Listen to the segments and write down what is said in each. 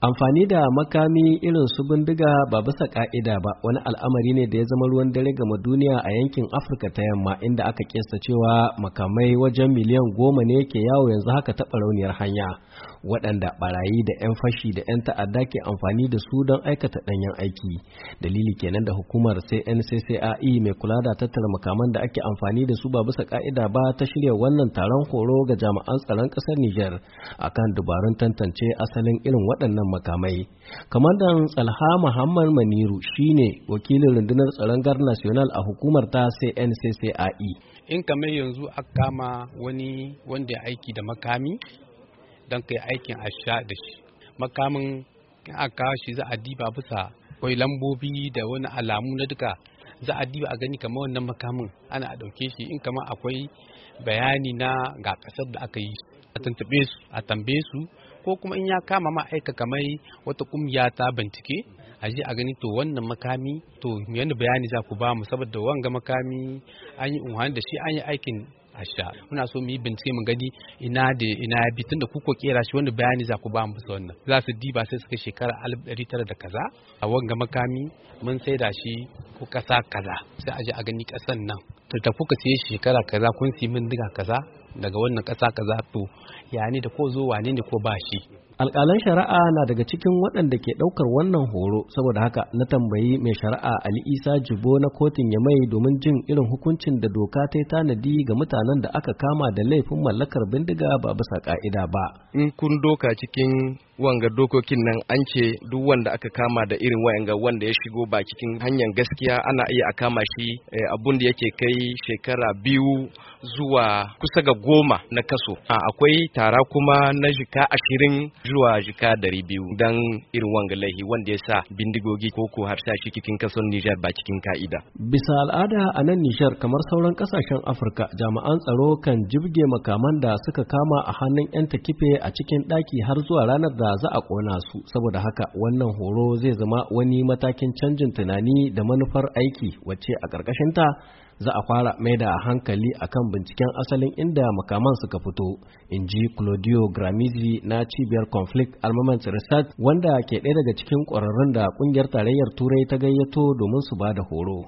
Amfani da makami irin su bindiga ba bisa ka'ida ba wani al'amari ne da ya zama ruwan dare gama duniya a yankin Afirka ta yamma inda aka kesa cewa makamai wajen miliyan goma ne ke yawo yanzu haka taɓa rauniyar hanya waɗanda barayi da 'yan fashi da 'yan ta'adda ke amfani da su don aikata ɗanyen aiki dalili kenan da hukumar cncai e mai kula da tattara makaman da ake amfani da su ba bisa ka'ida ba ta shirya wannan taron horo ga jami'an tsaron ƙasar niger akan dubarun tantance asalin irin waɗannan makamai kamandan tsalha muhammad maniru shine wakilin rundunar tsaron gar national a hukumar ta cncai e. in kamar yanzu aka kama wani wanda ya aiki da makami don ka yi aikin asha da shi makamin a aka kawo shi za a diba bisa akwai lambobi da wani alamu na duka za a diba a gani kamar wannan makamin ana a ɗauke shi in kama akwai bayani na ga ƙasar da aka yi a tuntuɓe su a tambaye su ko kuma in ya kama ma aika kamar wata kungiya ta bincike a je a gani to wannan makami to yana bayani za ku ba mu saboda wanga makami an yi unhan da shi an yi aikin a muna so mu yi bincike mu gani ina da ina ya bi tunda ku ko kera shi wanda bayani za ku ba mu su wannan za su diba sai suka shekara alif ɗari tara da kaza a wanga makami mun sai da shi ko kasa kaza sai a je a gani kasan nan ta kuka sai shekara kaza kun si mun diga kaza daga wannan kasa kaza to yani da ko zo wane ne ko ba shi alƙalan shari'a na daga cikin waɗanda ke ɗaukar wannan horo saboda haka na tambayi mai shari'a ali isa jibo na kotun ya mai domin jin irin hukuncin da doka ta tanadi ga mutanen da aka kama da laifin mallakar bindiga ba bisa ka'ida ba in kun doka cikin wanga dokokin nan an ce duk wanda aka kama da irin wayanga wanda ya shigo ba cikin hanyar gaskiya ana iya a kama shi eh, abun da yake kai shekara biyu zuwa kusa ga goma na kaso akwai tara kuma na jika ashirin zuwa jika dari biyu don irin wanga laihi wanda ya sa bindigogi ko ko shi cikin kason nijar ba cikin ka'ida bisa al'ada a nan nijar kamar sauran kasashen afirka jami'an tsaro kan jibge makaman da suka kama a hannun 'yan takife a cikin ɗaki har zuwa ranar da da za a ƙona su saboda haka wannan horo zai zama wani matakin canjin tunani da manufar aiki wacce a ƙarƙashinta za a fara mai da hankali akan binciken asalin inda makaman suka fito in ji claudio gramizi na cibiyar conflict armament research wanda ke ɗaya daga cikin ƙwararrun da ƙungiyar tarayyar turai ta gayyato domin su ba da horo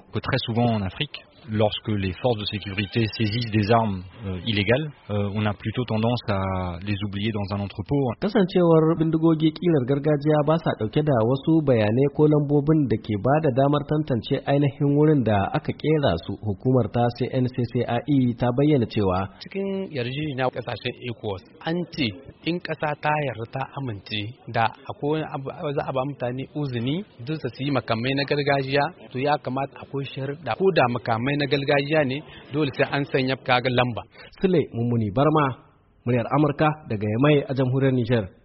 lorsque les forces de sécurité saisissent des armes euh, illégales, euh, on a plutôt tendance à les oublier dans un entrepôt. Kasancewar bindigogi kilar gargajiya ba sa dauke da wasu bayanai ko lambobin da ke ba da damar tantance ainihin wurin da aka kera su hukumar ta CNCCAI e ta bayyana cewa cikin yarjejeniya kasashen ECOWAS an ce in kasa ta yarda ta amince da akwai za a ba mutane uzini duk su yi makamai na gargajiya to ya kamata akwai sharuɗa ko da makamai na gargajiya ne dole sai an sanya kaga lamba sule mummuni barma muryar amurka daga yamai a jamhuriyar nijar